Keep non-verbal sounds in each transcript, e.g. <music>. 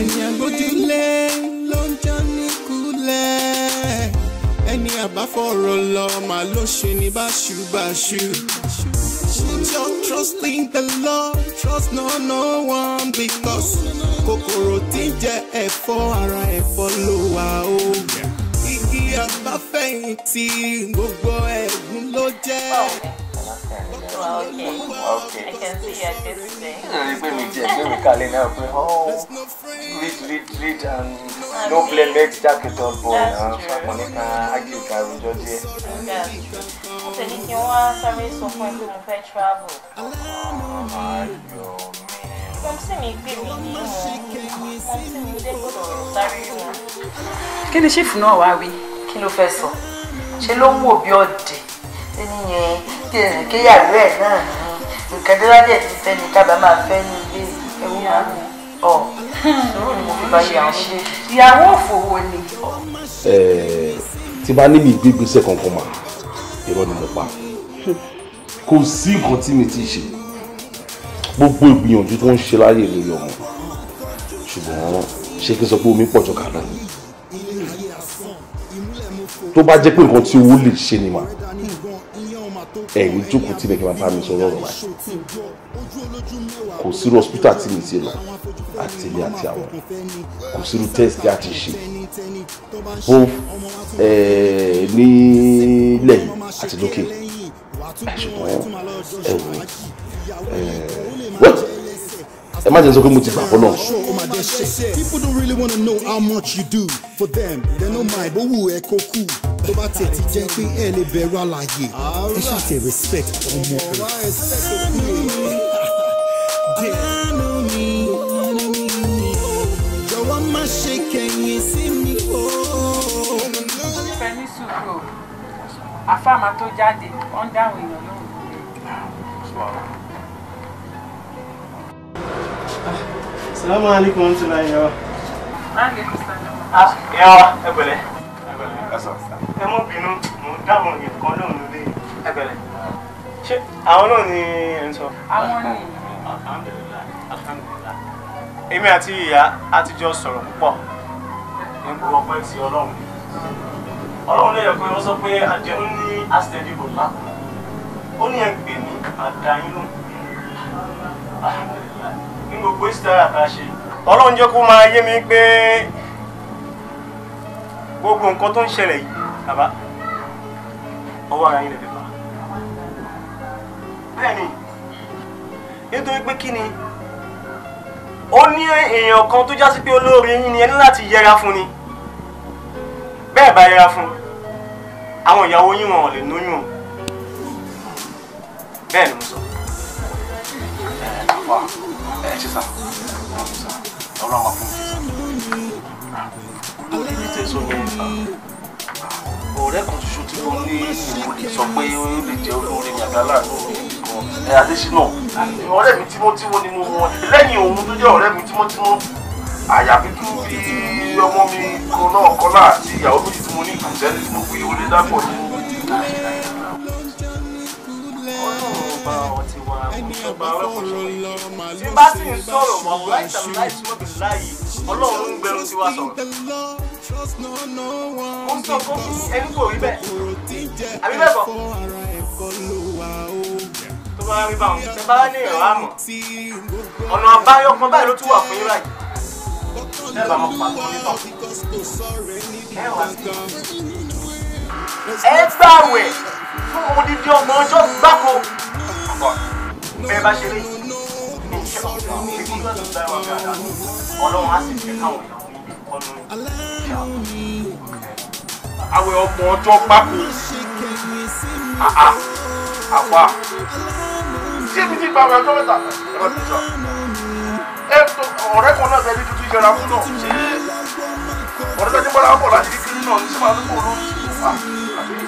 ẹ̀yìn àgbójúlé ló ń já níkulẹ̀ ẹni àbáfọ̀rọ̀ lọ màá ló ṣe ní báṣubàṣu. Just trust in the Lord, trust no no one because kòkòrò tí ń jẹ ẹ̀fọ́ ara ẹ̀fọ́ ló wà o. Igi àbáfẹ̀yìntì gbogbo ẹ̀gún ló jẹ́ okay. Okay. I can see you're listening. Pé mi jẹ pé mi kàlẹ́ náà pé oh read read read um, and no play make jack it all boy. Oh, Fapọ̀ nípa ágì ìkàrọ̀jọ́ díẹ̀. That's true. kí wọ́n sáré sọ fún ẹ pé to fẹ́ travel? Ayọ̀ mi kí ni ṣífù náà wá wí kí ló fẹ́ sọ ṣe ló ń wò bí ọ̀dẹ̀ ẹni yẹn kíyàwó ẹ̀ náà ni nǹkan tó bá dẹ̀ ti fẹ́ ni kábàá máa fẹ́ ní ilé ẹ̀wù ọ̀ sọ̀rọ̀ ni mo fi bá yẹ àwọn ṣe. ìyàwó òfòwò ni. ẹ tí bá níbi ìgbégbèsè kankan mà irọ́ ni mo pa kò sí nǹkan tí mi ti ṣe gbogbo ìgbìyànjú tó ń ṣe láyé lórí ọmọ ṣùgbọ́n ṣé kí n sọ pé omi pọ̀jọ̀ kàná tó bá jẹ́ pé nǹkan tí owó lè ṣe ni màá ẹ̀yin jókòó tí lẹ́kẹ̀ẹ́ máa bá mi sọ̀rọ̀ ọ̀rọ̀ báyìí kò sírú hospital tí mi ti lọ àti ilé àti àwọn kò sírú test tí a ti ṣe bó nílẹ̀ yìí àti lókè ṣùgbọ́n ẹ̀wọ̀n wọ́n ẹ má jẹ́ sọ pé mo ti gbà fọ́ náà. people don't really wanna know how much you do for them they no mind bó wù ẹ kó kú tó bá tẹ̀ ti jẹ́ pé ẹ lè bẹ̀rù àlàyé ẹ ṣàtẹ̀ respect ọmọ rẹ̀. jọ̀wọ́ má ṣe kẹ̀yìn sí ń dáhùn èèyàn lóhùn salamu alaikum wọn ti la yẹn wa. yẹn wa ẹ pẹ̀lẹ́ ẹ mọ bínú mò ń dáhùn nǹkan náà lóde ẹ pẹ̀lẹ́ ṣé àwọn náà ni ẹ ń sọ. àwọn ni èmi àti ìyá a ti jọ sọ̀rọ̀ púpọ̀ nígbà ọpẹ́ ti ọlọ́run ọlọ́run lè yẹ pé wọ́n sọ pé àjẹun ní àṣẹjì kò lá ó ní ẹgbẹ́ ní àdáyínú gbogbo ìsítara tá a ṣe ọlọ́run jẹ́ kó máa yé mi pé gbogbo nǹkan tó ń ṣẹlẹ̀ yìí bàbá ọwọ́ ara yín lè fi fà bẹ́ẹ̀ ni nítorí pé kí ni ó ní èèyàn kan tó jásí pé olóore yín ni ẹni láti yẹra fún ni bẹ́ẹ̀ bá yẹra fún àwọn ìyàwó yín wọn ò lè lóyún o bẹ́ẹ̀ ni mo sọ àfa ẹ ṣe sá ọlọ́run sá ọlọ́run àwọn fún mi sá lórí ní tẹ̀sán yẹn sá ah, ọ̀rẹ́ kan ṣoṣo tí mo ní mo lè sọ pé ó lè jẹ́ olórí mi àgbàlá lórí ẹ adésínà ọ̀rẹ́ mi tímọ́tímọ́ ni mo wọ́n lẹ́yìn òun tó jẹ́ ọ̀rẹ́ mi tímọ́tímọ́ àyàfi tó bí ọmọ mi kan náà kọ́lá àti ìyàwó méjì tí mo ní ìkùnsẹ́lẹ̀ tí mo fi olè dápọ̀ ní. ọlọ́run bá ọtí ẹni àbáfọ̀ ọ̀rọ̀ lọ màlúù sí bá ṣe ń sọ̀rọ̀ mọ̀ láì tàbí láì súnmọ́ bí láàyè ọlọ́run ń gbẹrun tiwa sọ̀rọ̀. mo ń sọ fún ẹni kò rí bẹ́ẹ̀ àbí bẹ́ẹ̀ bọ̀ tó bá rí báwọn ṣe bá ní ìrọ̀ àmọ̀ ọ̀nà àbáyọ kan báyìí ló tún wà fún yín báyìí ẹ bá mọ pàtó nítọ̀ ẹ wà ẹ gbàwẹ̀ fún odidi ọmọ ọjọ́ gbáko bẹ́ẹ̀ bá ṣe lè ṣe ìṣẹ́kọ̀ọ́ ṣe kí wọ́n tó dá ìwà bí àdá ọlọ́run á sì ṣe káwọn èèyàn ọdún ìyá àwẹ̀ ọgbọ̀n ọjọ́ pápí àà àwa tí èmi ti gbàwé ọjọ́ mẹ́ta ẹ̀rọ ti sọ ẹ ọ̀rẹ́ kan náà tẹ̀lé tuntun ìjọra fún náà ṣe ọ̀rẹ́ tó ti bọ́lá ọkọ̀ láti kékeré náà ní sọ́mà lóko olóòtú àbí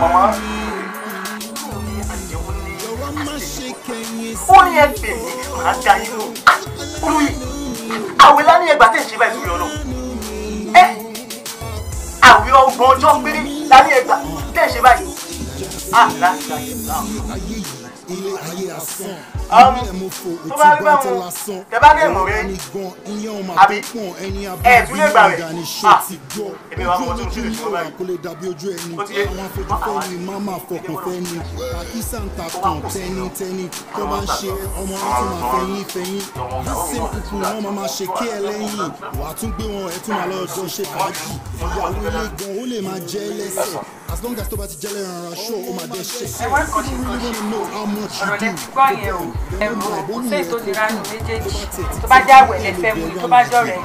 màmá. wọ́n ní ẹgbẹ́ mi máa da yín lò olóyè àwẹ̀ lá ní ẹgbà tẹ̀ ṣe báyìí lórí ọlọ́run ẹ àwẹ̀ ọgbọ̀n ọjọ́ péré lá ní ẹgbà tẹ̀ ṣe báyìí àlá ah, ilé ayé asán um, ilé mo fò òtí bàtà lásán ọ̀rọ̀ mi gan ìyẹn ọmọ àtọ́pọ̀ ẹni abúlé ìgbà ni ṣó ah, ti gbọ́ ojú olójú ní ọ̀rọ̀ àkọlé dàbí ojú ẹni àwọn afẹ́fẹ́ ah, ni máma fọkàn fẹ́ni àkísà ń ta kàn tẹ́nitẹ́ni tó bá ń ṣe ọmọ láti máa fẹ́yìn fẹ́yìn yíṣẹ́ kúkú wọn máa máa ṣe kí ẹ lẹ́yìn wàá tún gbé wọn ẹ̀ máa lọ́ọ́ jọ ṣe fàájì ìyàwó ilé gan ó lè máa jẹ́ lẹ́sẹ̀ as long as tó bá ti jẹ́lẹ̀ ìrànràn ṣó o máa dé ṣe. ẹ wá kàn ṣe kàn ṣe ọ̀rọ̀ lẹ ti gbọ́ yẹn o ẹ̀rù kò sí ètò ìlera nù méjèèjì tó bá jẹ́ àwẹ̀ lẹ fẹ́ mu tó bá jọ̀rẹ̀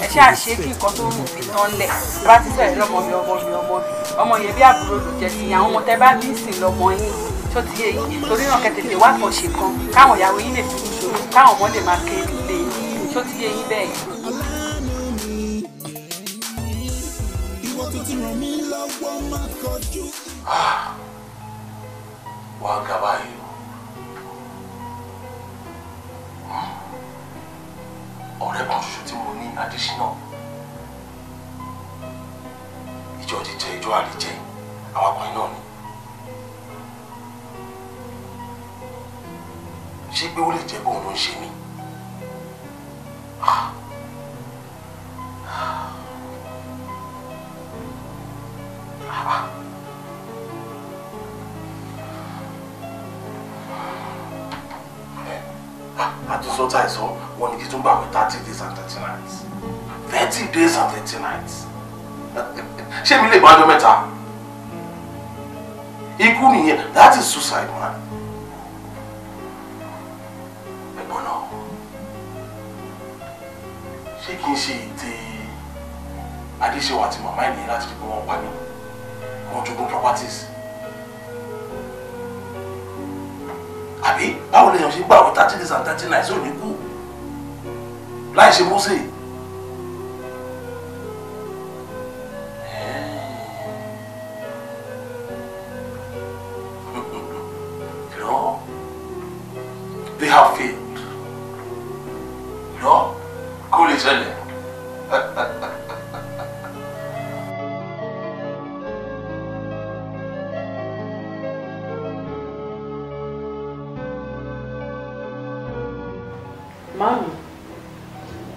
yìí ẹ ṣe kí nǹkan tó rù mí tán lẹ̀ bá ti sọ̀rọ̀ lọ́mọ mi ọmọ mi ọmọ mi ọmọ yẹn bí àbúrò ló jẹ sí àwọn ọmọ tẹ bá mí sìn lọmọ yín tó ti yé yìí torí náà kẹtẹtẹ wá kàn ṣe kan káwọn ìyàwó yín lè fi kúṣòro káwọn ọmọ lè máa kéde lè tó ti yé yín bẹ́ẹ̀ yìí tó ti ràn mí lọ́wọ́ má kọjú. Ah, wá ga báyìí o hmm? ọ̀rẹ́ kan ṣoṣo tí mo ní adésínà ìjọ ti jẹ ìjọ àlejẹ àwọn akọrin náà ni. ṣé pé ó lè jẹ́ bóun ló ń ṣe mí. sọ tá ìsọ wọn ni kí tún gbàwé thirty days and thirty nights thirty days and thirty nights <laughs> ṣé mi lè gbàjọ mẹ́ta ikú nìyẹn that is suicide man ẹ̀gbọ́n náà ṣé kí n ṣe ète adéṣèwà àti màmá ènìyàn láti fi pé wọ́n pa Want to jogún properties. àbí báwo lèèyàn ṣe gbà wọ thirty days and thirty nights ò ní kú láì ṣe mọ́sẹ̀ Mami,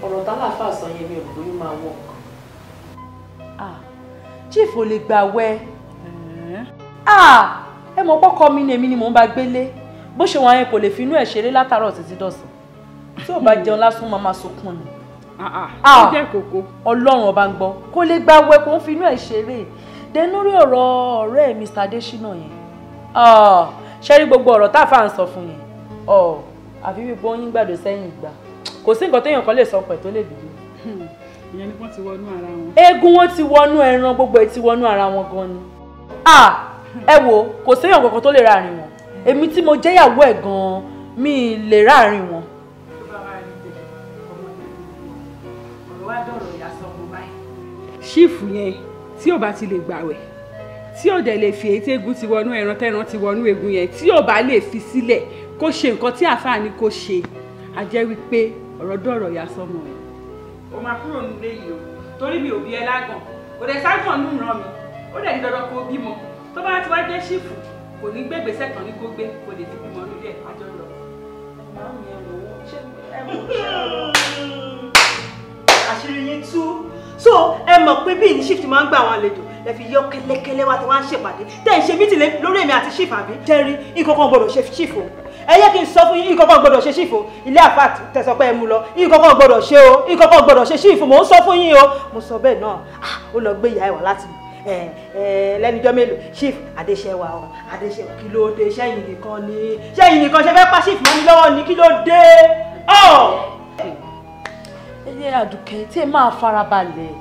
ọ̀rọ̀ tálàfà sọ yẹn mi ò rò bóyá máa wọ̀. Chief ò lè gbà wẹ́. Ẹ mọ̀ pọ́kọ mi ni èmi ni mò ń bá gbélé. Bó ṣe wọn yẹn kò lè finú ẹ̀ ṣeré látàárọ̀ títí dọ̀sán. Tí ò bá hmm. jẹun lásán máa máa sunkún ni. Ó jẹ́ kókó. Ọlọ́run ọba ń gbọ́. Kò lè gbà wẹ́ kó ń finú ẹ̀ ṣeré. Dẹnu rí ọ̀rọ̀ ọ̀rẹ́ Mr. Adesina yẹn. Ṣé rí gbogbo ọ̀rọ̀ táfà ń sọ fún yẹn? àfi wípé ó yín gbàdó sẹ́yìn ìgbà kò sí nǹkan téèyàn kan lè sọ pẹ̀ tó lè dìde. Hmm. ìyẹn ni wọ́n ti wọnú ara wọn. eegun wọn ti wọnú ẹran gbogbo ẹ ti wọnú ara wọn gan ni. ah ẹ wo kò séèyàn kankan tó lè ráàrin wọn èmi tí mo jẹ́yàwó ẹ̀ gan-an mi lè ráàrin wọn. ṣífù yẹn tí ò bá ti lè gbàwẹ̀ tí ò dẹ̀ lè fi èyí tí eegun ti wọnú ẹran tẹ́ran ti wọnú eegun yẹn tí ò bá lè fi sílẹ̀ kó ṣe nǹkan tí àáfàá ni kó ṣe a jẹ́ wípé ọ̀rọ̀ dọ̀rọ̀ ya sọmọ ẹ̀. o máa kúrò nílé yìí o torí mi ò bí ẹ lágàn kò dẹ̀ ságàn ní ìran mi ó dẹ̀ ní kó o bímọ tó bá ti wá jẹ́ ṣífù kò ní gbé gbèsè ní kó gbé kò lè fi bímọ lórí àjọ lọ. àṣírí yín tú so ẹ mọ̀ pé bí ìní ṣífù máa ń gbà àwọn àlejò ẹ fi yọ kẹ́lẹ́kẹ́lẹ́ wá tí wọ́n á ṣèpàdé tẹ́ ẹ̀ ṣe mítì lórí èmi àti ṣìfà mi. jẹ́rí ìkọ̀kọ̀ gbọ́dọ̀ ṣe ṣìfò ẹ yẹ kí n sọ fún yín ìkọ̀kọ̀ gbọ́dọ̀ ṣe ṣìfò ilé àfà tẹ̀sán pé ẹ mú lọ ìkọ̀kọ̀ gbọ́dọ̀ ṣe o ìkọ̀kọ̀ gbọ́dọ̀ ṣe ṣìfò mò ń sọ fún yín o mo sọ bẹ́ẹ̀ náà ah, ó lọ gbé ìyá ẹ̀ wá láti lẹ́nijọ́ mélòó chief adéṣẹ́wà ọ̀ adéṣẹ́wà kí ló dé sẹ́yìn nìkan ni sẹ́yìn nìkan ṣe fẹ́ pa chief mọ́ mi lọ́wọ́ ni kí ló dé ọ̀. ẹ ẹ àdùkẹ́ tí ẹ máa farabalẹ̀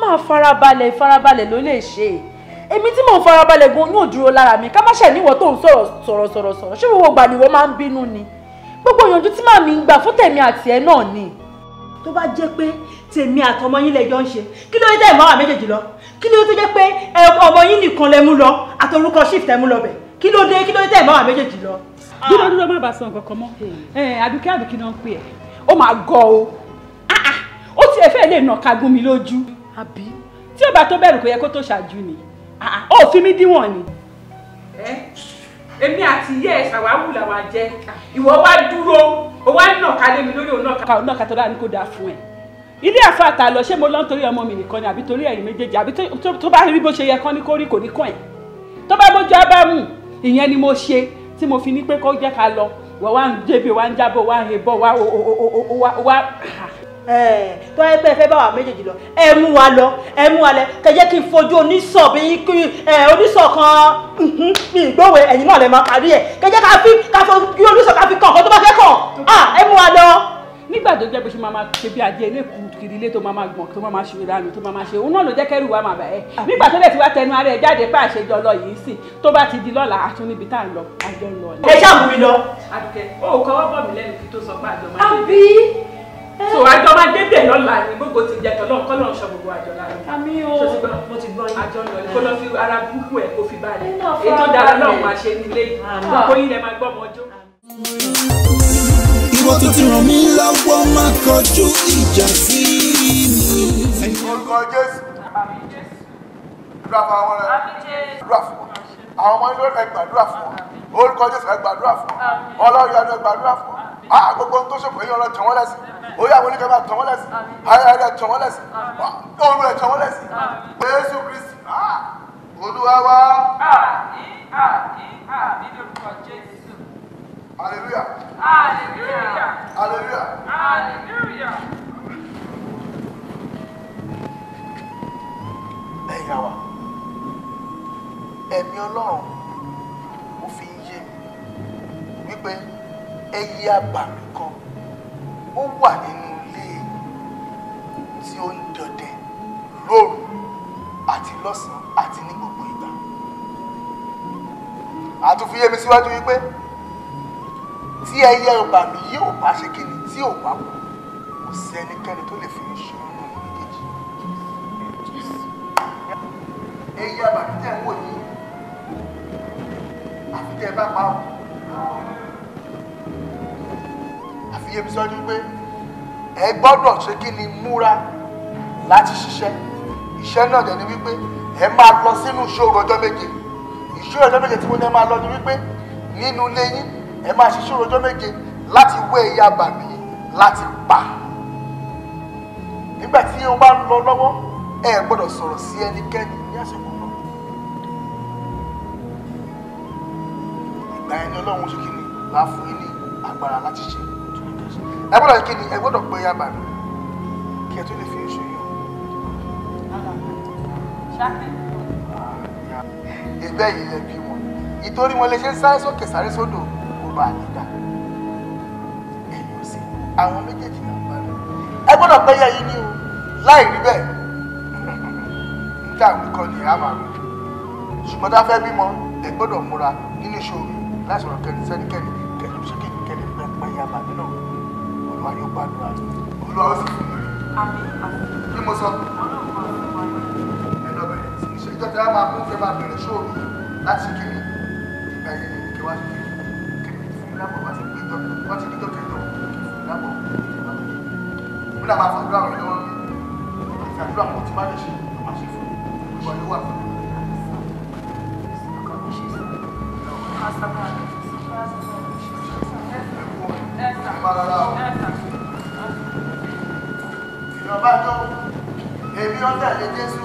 máa farabalẹ̀ ìfarabalẹ̀ ló lè ṣe èmi tí mò ń farabalẹ̀ gan yóò dúró lára mi ká má ṣe níwọ̀ tó ń sọ̀rọ̀ sọ̀rọ̀ sọ̀rọ̀ sọ̀rọ̀ ṣé gbogbo ìgbà nìwọ máa ń bínú ni gbogbo ìyànjú tí màmí ń gbà fún tèmi àti ẹ náà ni. tó bá jẹ́ pé tèmi àtọmọ yín lẹ́jọ́ ń ṣe kí ló dé tẹ́ ìmọ̀ àwọn méjèèjì lọ kí ló tó jẹ́ pé ọmọ yín nìkan lẹ mú lọ àtorúkọ shift ẹ mú lọ bẹ̀ kí ló dé kí ló dé tẹ́ ìmọ̀ àwọn méjèèjì lọ. Ah. dúró dúró má bàa sọ nǹkan kan mọ́ hmm. eh, àbíkẹ́ àbíkẹ́ náà pè é ó máa gọ o ah, ah. ó tiẹ̀ fẹ́ẹ́ lè nà kagún mi lójú àbí tí ó bá tó bẹ̀rù kò yẹ kó tó ṣáájú ni ah, ah, ó fi mí díwọ̀n ni. èmi àti iye ẹ̀ ṣàwáwù làwọn jẹ́ ìwọ wá dúró o wá nàka lé mi lórí òun náà ká òun náà ká tó dáa ní kó dáa fún ẹ ilé ẹ̀fọ́ àtàlọ́ ṣé mo lọ nítorí ọmọ mi nìkan ni àbí torí ẹ̀yin méjèèjì àbí tó bá rí bó ṣe yẹ kán ní kó rí kò ní kàn ẹ̀ tó bá bójú abámu ìyẹn ni mo ṣe tí mo fi ní pé kó jẹ́ ká lọ wọ́n wá ń débi wá ń jábọ̀ wá ń hebọ̀ wá wá. Eh, tó yẹ pé ẹ fẹ́ bá wa méjèèjì lọ ẹ mú wa lọ ẹ mú wa lẹ kẹjẹ kí n fojú onísọ bí eh, onísọ kan bí mhm, ìgbòwe ẹ̀yin náà lẹ máa parí ẹ kẹjẹ ká fi ká fi onísọ ká fi kàn kó tó bá fẹ́ kàn ẹ mú wa lọ. nígbà tó jẹ́ pé ṣe máa ma ṣe bí adìẹ ilé kù kiri ilé tó máa ma gbọ̀n tó máa ma ṣe ìranù tó máa ma ṣe òun náà ló jẹ́ kẹ́rù wa máa bà ẹ́ ah. nígbà tó lẹ̀ ti wá tẹnu ara ẹ̀ jáde pé àṣejọ lọ yìí sì tó bá ti di lọ́la àtún níbi tá à ń lọ àjọ ń lọ. ẹ ṣáà mú mi lọ. àdùkẹ́ o kọ́ wọ́pọ̀ mi lẹ́nu kí tó sọ pé àjọ máa ń bẹ̀rẹ̀. àbí so àjọ máa dé bẹ̀ lọ́la ni gbogbo ti jẹ́ tọ́lọ́ kọ́ náà sọ gbogbo àjọ la ni. àmì o mo ti gbọ́ yín. àjọ lọ kó lọ fi ara búkú ẹ̀ kó fi balẹ̀ ètò dára náà máa ṣe nílé kó yín lẹ máa gbọ́ ọmọ ọjọ́. ìwọ tó ti ràn mí lọ́wọ́ máa kọjú ìjà sí mi. orúkọ jésù dúrà àwọn ọmọ àwọn ọmọ inú ẹ gbàdúrà fún wọn orúkọ jésù ẹ gbàdúrà fún wọn ọlọ́run ẹ gbàdúrà fún wọn ah, gbogbo ohun tó ṣòfò yín ọlọ́run jẹ lẹ́sìn oyè àwọn oníkẹ́ máa tàn wọ́n lẹ́sìn ayẹyẹ rẹ̀ tàn wọ́n lẹ́sìn oorun rẹ̀ tàn wọ́n lẹ́sìn Jésù Kristi ah! Olúwa wa. Hallelujah. Hallelujah. Hallelujah. Hallelujah. Ẹ̀yà wa, ẹ̀mí Ọlọ́run ó fi ń yé mi wípé ẹyí àbàmì kan ó wà nínú ilé tí ó ń dọdẹ lóru àti lọ́sàn-án àti ní gbogbo ìgbà àtúnfi yémi síwájú wípé tí ẹyẹ ọgbà mi yóò bá ṣe kí ni tí ò bá kú kò sí ẹnikẹ́ni tó lè fi ní ṣe nínú méjèèjì ẹyẹ ọgbà mi tẹ̀ ń wò yìí àfi tẹ́ ẹ bá pa ọ́ fi yé mi sọ wípé ẹ gbọ́dọ̀ ṣe kí ni múra láti ṣiṣẹ́ iṣẹ́ náà dẹ̀ ni wípé ẹ máa lọ sínú ìṣòro ọjọ́ méje ìṣòro ọjọ́ méje tí mo ní ẹ máa lọ ni wípé nínú ilé yín ẹ máa ṣe ìṣòro ọjọ́ méje láti wé ìyá bàbí láti pa nígbà tí o bá ń lọ lọ́wọ́ ẹ gbọ́dọ̀ sọ̀rọ̀ sí ẹnikẹ́ni ní àsìkò náà ìgbà ẹni ọlọ́run ṣe kí ni bá fún yín ní agbára láti ṣe ẹ gbọ́dọ̀ kí ni ẹ gbọ́dọ̀ pé yaba mi kí ẹ tó lè fi èso yìí o. ẹgbẹ́ yìí lẹ bí wọn ìtorí wọn lè ṣe sáré sókè sáré sódò kó bá a nígbà ẹ̀yìn ò sí àwọn méjèèjì náà bá lọ. ẹ gbọ́dọ̀ pé yẹ yìí ni o láì rí bẹ́ẹ̀ níta àwọn kan ní àmà rẹ ṣùgbọ́n tá a fẹ́ bímọ ẹ gbọ́dọ̀ múra nínú ìṣòro láti ọ̀rọ̀ kẹ́ni sẹ́nikẹ́ni wa yóò gbàdúrà rẹ̀ olúwa ó sì fún mi rí bí mo sọ ẹ lọ bẹ̀rẹ̀ sí ṣe ìjọ tí a máa mú fẹ́ máa bẹ̀rẹ̀ ṣóòrù láti kiri ìgbà yẹn ni kí wá sí kiri kiri fún mi lápò wá sí pé wọ́n ti dídọ̀ kẹjọ fún mi lápò ìjọba mi náà máa fàdúrà rẹ̀ lọ́wọ́ mi ìfàdúrà mo ti má lè ṣe máa fún ìgbà yóò wà fún bá tó èmi ó tẹ̀lé Jésù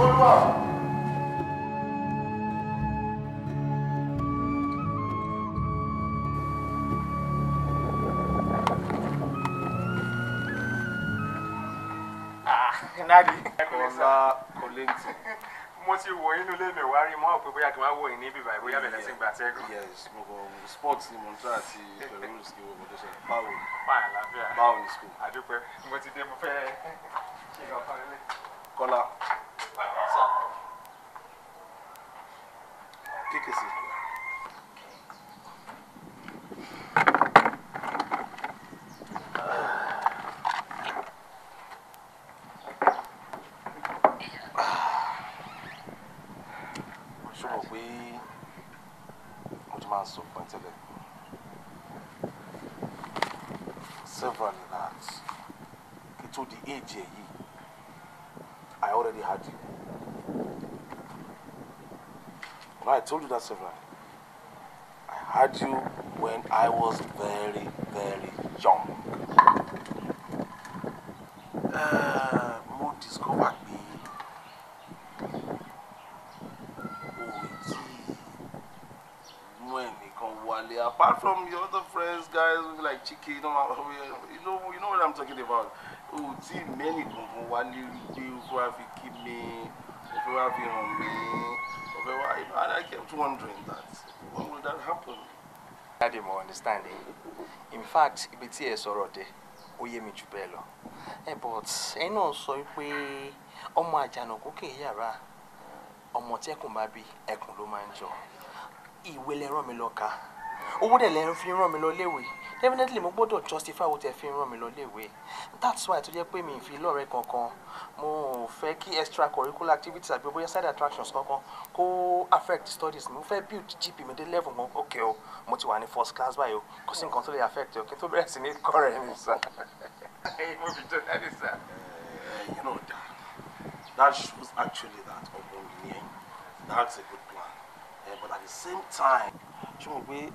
Olúwa ah, Nadi. Kola Kolenti mo ti wò yín nílé mi wá rí pé bóyá kí n wá wò yín níbi báyìí bẹ̀rẹ̀ sí gba tẹ́gùn. yes mo kọ sports ni mo àti pẹ̀lú skill wo mo tó ṣe báwo ni. báyìí láfíà báwo ni school. àdúpẹ́ mo ti dé mo fẹ́ ṣe ìgbà Kọ́lá. kíkèsí. jẹ I already had you. Well, I told you that several I had you when I was very, very young. Uh, mo me. Oh, gee. When mú come wálé apart from your other friends guys like Chike you know, you know, you know what I'm talking about. o ò tí ì mẹ́nì kankan wá lérí pé o fẹ́ wá fi kí mi o fẹ́ wá fi hàn mí o fẹ́ wá you know and I kept wondering that when will that happen. dáàdi mo understand eh in fact ibi tí ẹ sọ̀rọ̀ dé ó yé mi jù bẹ́ẹ̀ lọ eh, but ẹ náà sọ pé ọmọ àjànàkú kì í yàrá ọmọ tí bá bí ẹkùn ló máa ń jọ ìwé lẹ rán mi lọ kà owó dẹ̀ lẹ ń fi rán mi lọ léwèé definitely mo gbọ́dọ̀ justify wo tẹ fi ràn mí lọ léèwé that's why tó jẹ́ pé mi fi lọ́ọ̀rẹ́ kankan mo fẹ́ kí extra curricular activities àbí bóyá side attractions kankan kó affect studies mi mo fẹ́ build GP mi dé level mo ok o mo ti wà ní first class báyìí o kò sí nǹkan tó lè affect o kí n tó bẹ̀rẹ̀ sí ní kọ́rẹ́ mi sá. mo fi jọ dáadé sá. you know that that shows actually that ọmọ mi ni that's a good plan uh, but at the same time ṣé mo gbé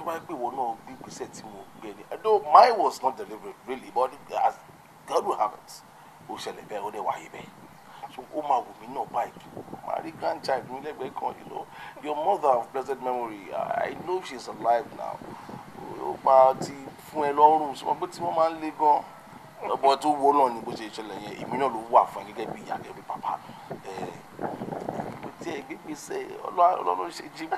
tó bá pè wọ́n náà gbé gbèsè tí mo gbé ni though mine was not deliberate really but as God will have it ó ṣẹlẹ̀ bẹ́ẹ̀ ó dẹ̀ wáyé bẹ́ẹ̀ so ó máa wù mí náà báyìí máa grandchild mi lẹ́gbẹ̀ẹ́ kan you know your mother of blessed memory I know she is alive now ó máa ti fún ẹ lọ́rùn sọ pé tí wọ́n máa ń le gan ọmọ tó wọ́ náà ni bó ṣe ṣẹlẹ̀ yẹn èmi náà ló wà fún ẹ gẹ́gẹ́ bí ìyá gẹ́gẹ́ bí bàbá mi tiẹ̀ gbígbèsè ọlọ́run ṣe jí mi.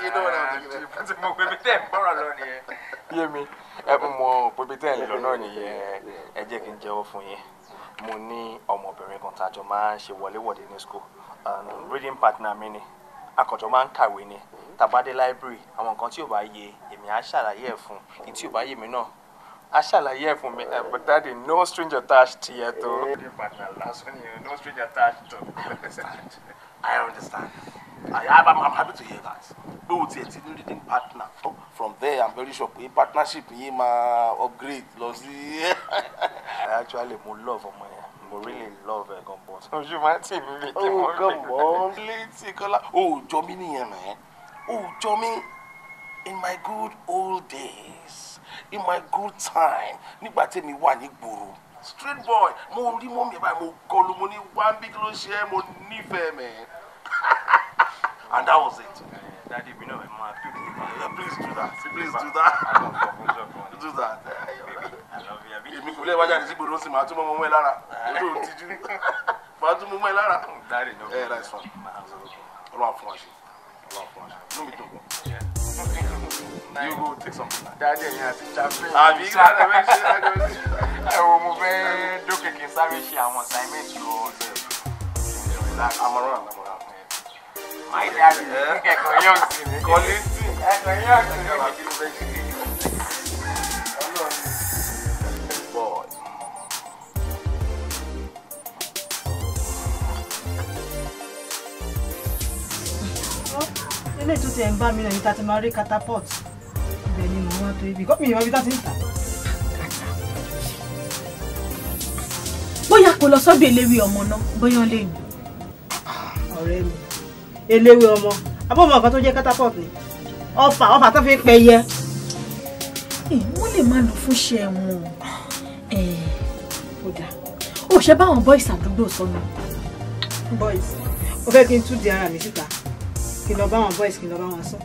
iye ló wà you know. mi tí mo pèpè tẹ̀ ń bọ̀rọ̀ lọ nìyẹn. yé mi ẹ mọ pèpè tẹ̀ ń lọ náà nìyẹn ẹ jẹ́ kí n jẹ́wọ́ fún yín mo ní ọmọbìnrin kan tàjọ máa ń ṣe wọléwọ̀de ní school reading partner mi ni akọ̀jọ máa ń kàwé ni tàbádé library àwọn nǹkan tí ò bá yé èmi á ṣàlàyé ẹ̀ fún ìtí ò bá yé mi náà a ṣàlàyé ẹ̀ fún mi eh, but daddy no strings attached tiẹ̀ tó. ní pàtàkì lásán ni no strings attached to. I understand I understand am I'm happy to hear that pé o tiẹ̀ ti ní leading partner from there I'm very sure pé partnership yìí máa upgrade lọ sí. <laughs> actually mo love ọmọ yẹn mo really love ẹ gan but ojú máa tì mí mi tí mo oh, rí. gan bọ́ létí kọ́lá òòjọ́ mi nìyẹn mẹ́ òòjọ́ mi in my good old days in my good time nígbà tèmi wà ní gbòòrò street boy mo rí mọ́mí ẹ̀ báyìí mo kọlu mo ní one big ló ṣe é mo nífẹ̀ẹ́ mẹ́ <laughs> and that was it. Daddy, you know, my people. please do that. Please do that. <laughs> do that. Èmi kò lè wájà ní sígbòrò sí màá tún mọ́ mọ́ ẹ lára. Ojú ò tijú. <laughs> Màá tún mọ́ mọ́ ẹ lára. Daddy, no. Ẹ ẹ láìsí fún mi. Ọlọ́run fún wa ṣe. Ọlọ́run fún wa ṣe. Inú mi dùn you go take some. Daddy ẹ̀yin àti chaplain. Àbí sáré wẹ́n ṣe sáré wẹ́n ṣe. Ẹ wo mo fẹ́ dókè kí n sáré ṣe àwọn assignment o. Àmọ̀ràn àmọ̀ràn. Máyì dáàbì kẹ̀kọ́ yóò sí mi. Kọ́lé sí. Ẹ̀kọ́ yóò sí mi. ilé tó ti ẹ̀ ń bá mi lọ ní tàti máa rí catapult ibẹ̀ ni mo wá tó ibi kọ́ mi ìmọ̀ ibi tàti ń tà. bóyá kò lọ sọ́dọ̀ eléwé ọmọ náà bóyá lè ní. ọ̀rẹ́ mi eléwé ọmọ abọ́mọ kan tó jẹ́ catapult ni ọfà ọfà tó fi pẹyẹ. wọ́n lè máa lò fún ṣe wọn ó ṣe báwọn boys àdúgbò sọnù. boys ó fẹ́ kí n tún di ara mi síta kí lọ bá wọn boys kí lọ bá wọn sọ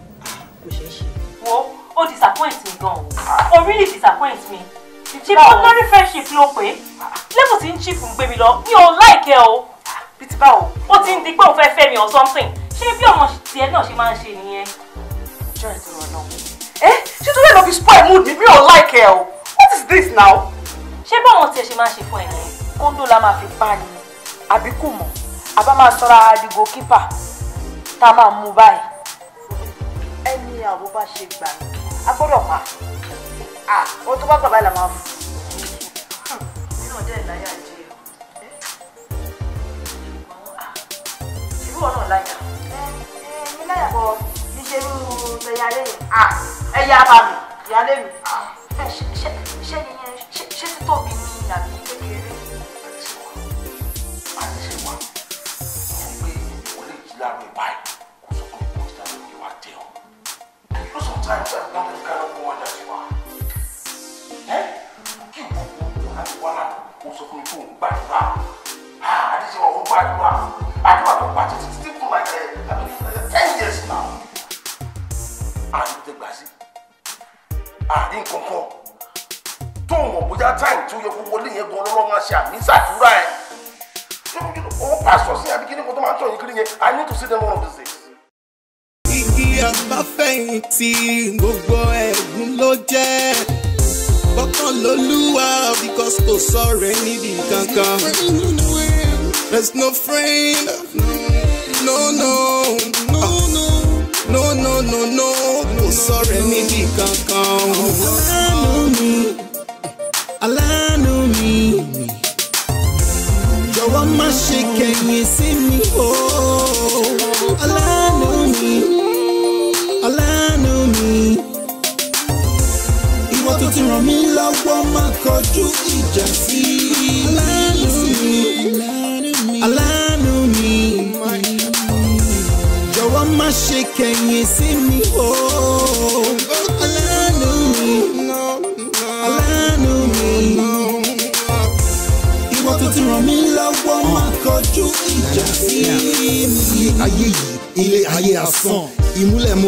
kò ṣeé ṣe. wo o disappoint me gan o o really disappoint me ṣe bá lórí friendship ló pé level tí ń chief ń gbé mi lọ mi ò like o bí ti báwo ó ti ń di pé òun fẹ́ fẹ́ mi or something ṣé bí ọmọ tiẹ̀ náà ṣe máa ń ṣe nìyẹn. ìjọ ẹ̀ tó rọ̀ náà. ẹ ṣé tó lè lọ fi spoil mood mi ò like ẹ o what is this now. ṣé báwọn tiẹ̀ ṣe máa ń ṣe fún ẹ̀ nìyẹn kóńdó la máa fi bá ni àbí kò mọ̀ àbá máa sọra di tá a máa mú báyìí ẹni àwọn bá ṣe gbà á gbọ́dọ̀ pa àwọn tó bá gbà báyìí là máa fún un. nínú ọjọ́ ìláyà jẹ ìwọ náà láyà. mi láyà bọ níṣẹ́ ní ẹ̀yà lẹ́yìn. ẹ̀yà bá mi ìyá lẹ́yìn. ṣé ṣé ṣé títóbi ni àbí kékeré. láti ṣe wá wọ́n pé ìwọlé ìjìlá rẹ̀ báyìí. Sometimes I wonder the kind of woman that you are. Eh? Kí o gbogbo ọ̀nà àti wọn náà o sọ fún mi kí o ń gbàdúrà. Àdìsí wọn ò gbàdúrà. Àdúrà tó gbà títí títí fún like ten years now. Àdìsí ti gbà sí. Àdí nkankan. Tó o mọ̀ bóyá táyì tó yẹ kó wọlé yẹn gan lọ́wọ́ máa ṣe àmì ìsàdúrà ẹ̀. Ó pàṣọ sí àbí kí ni kò tó máa ń tọ̀ yín kiri yẹn. I need to see them one of these days. bá bá fẹ̀yìntì gbogbo ẹ̀gún ló jẹ́ bọ́kàn lólúwa because kò sọ̀rọ̀ níbi kankan. There's no friend, no no no ah. no no no no kò sọ̀rọ̀ níbi kankan.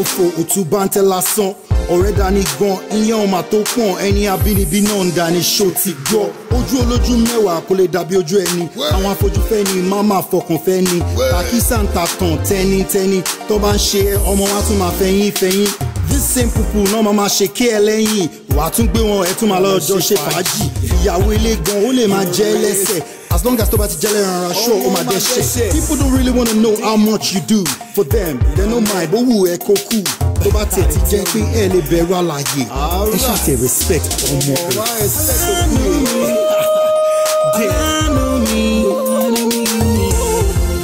òfò òtúbáńtẹ́ lásán ọ̀rẹ́ dání gan ìyẹn ọ̀mà tó pọ̀n ẹni abínibí náà ń dání ṣó ti gbọ́ ojú olójú mẹ́wàá kò lè dàbí ojú ẹni àwọn afojúfẹ́ ni má máa fọkàn ni pàkísà ń ta tàn tẹ́nitẹ́ni tó bá ń ṣe ọmọ wa tún máa fẹ́yìn fẹ́yìn this same pupu náà máa ma ṣe kí ẹ lẹ́yìn wàá tún gbé wọn ẹ tún máa lọ́jọ́ ṣe fàájì ìyàwó ilé gan ó lè máa jẹ́ lẹ́sẹ̀ As long as Toba Tijele and Rasho oh, my dead shit. People don't really wanna know how much you do for them. They know my but woo echo cool. Toba Teti Jenki Ele Berala They should say respect on me.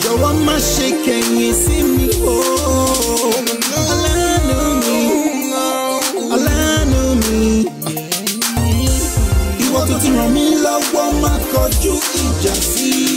Jọ̀wọ́ má ṣe kẹ̀yìn sí mi ooo. Aláàánú mi, aláàánú mi, you ìjà sí i.